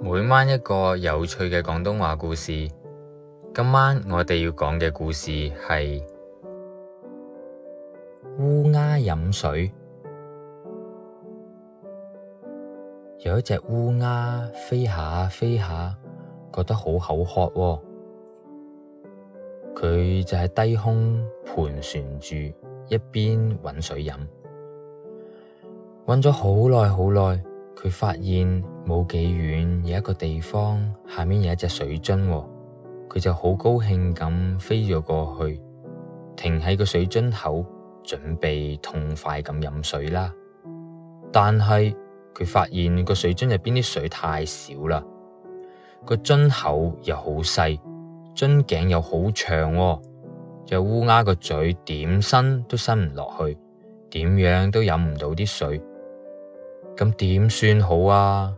每晚一個有趣嘅廣東話故事，今晚我哋要講嘅故事係烏鴉飲水。有一隻烏鴉飛下飛下，覺得好口渴喎，佢就喺低空盤旋住，一邊搵水飲，搵咗好耐好耐。佢發現冇幾遠有一個地方，下面有一隻水樽，哦，佢就好高興咁飛咗過去，停喺個水樽口，準備痛快咁飲水啦。但係佢發現個水樽入邊啲水太少啦，個樽口又好細，樽頸又好長，哦，隻烏鴉個嘴點伸都伸唔落去，點樣都飲唔到啲水。咁點算好啊？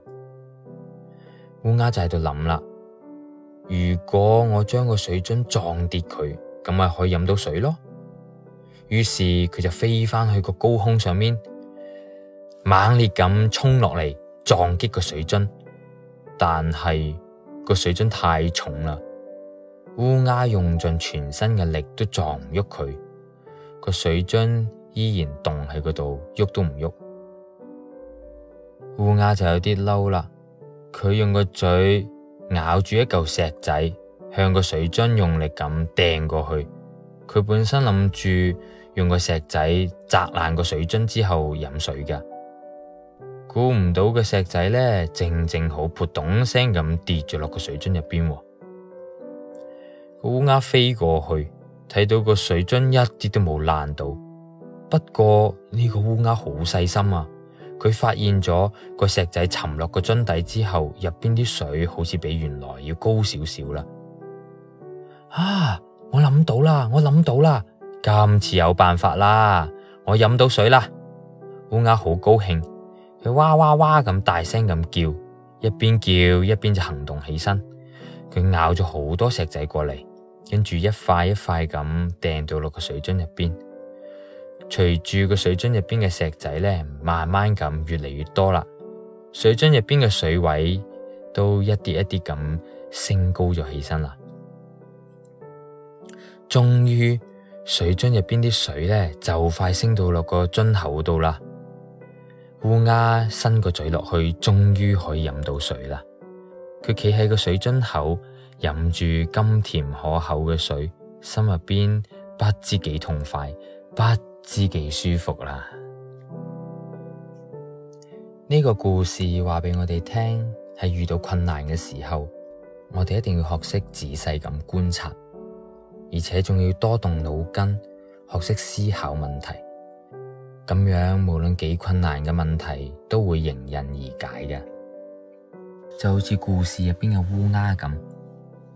烏鴉就喺度諗啦。如果我將個水樽撞跌佢，咁咪可以飲到水咯。於是佢就飛返去個高空上面，猛烈咁衝落嚟，撞擊個水樽。但係個水樽太重啦，烏鴉用盡全身嘅力都撞唔喐佢，個水樽依然凍喺嗰度，喐都唔喐。烏鴉就有啲嬲啦，佢用個嘴咬住一嚿石仔，向個水樽用力咁掟過去。佢本身諗住用個石仔砸爛個水樽之後飲水嘅，估唔到個石仔咧正正好噗咚聲咁跌咗落個水樽入邊。個烏鴉飛過去，睇到個水樽一啲都冇爛到，不過呢個烏鴉好細心啊！佢發現咗個石仔沉落個樽底之後，入邊啲水好似比原來要高少少啦。啊！我諗到啦，我諗到啦，今次有辦法啦，我飲到水啦！烏鴉好高興，佢哇哇哇咁大聲咁叫，一邊叫一邊就行動起身，佢咬咗好多石仔過嚟，跟住一塊一塊咁掟到落個水樽入邊。隨住個水樽入邊嘅石仔咧，慢慢咁越嚟越多啦，水樽入邊嘅水位都一啲一啲咁升高咗起身啦。終於，水樽入邊啲水咧就快升到落個樽口度啦。烏鴉伸個嘴落去，終於可以飲到水啦。佢企喺個水樽口，飲住甘甜可口嘅水，心入邊不知幾痛快，不。知己舒服啦！呢個故事話畀我哋聽，係遇到困難嘅時候，我哋一定要學識仔細咁觀察，而且仲要多動腦筋，學識思考問題。咁樣無論幾困難嘅問題，都會迎刃而解嘅。就好似故事入邊嘅烏鴉咁，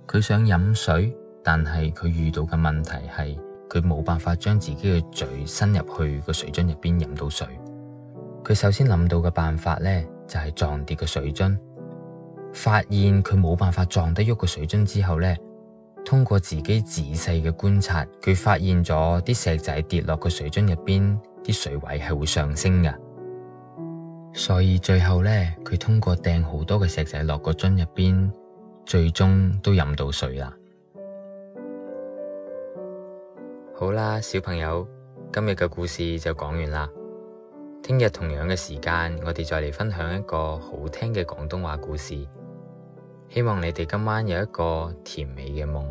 佢想飲水，但係佢遇到嘅問題係。佢冇辦法將自己嘅嘴伸入去個水樽入邊飲到水。佢首先諗到嘅辦法咧，就係撞跌個水樽。發現佢冇辦法撞得喐個水樽之後咧，通過自己仔細嘅觀察，佢發現咗啲石仔跌落個水樽入邊，啲水位係會上升㗎。所以最後咧，佢通過掟好多嘅石仔落個樽入邊，最終都飲到水啦。好啦，小朋友，今日嘅故事就講完啦。聽日同樣嘅時間，我哋再嚟分享一個好聽嘅廣東話故事。希望你哋今晚有一個甜美嘅夢。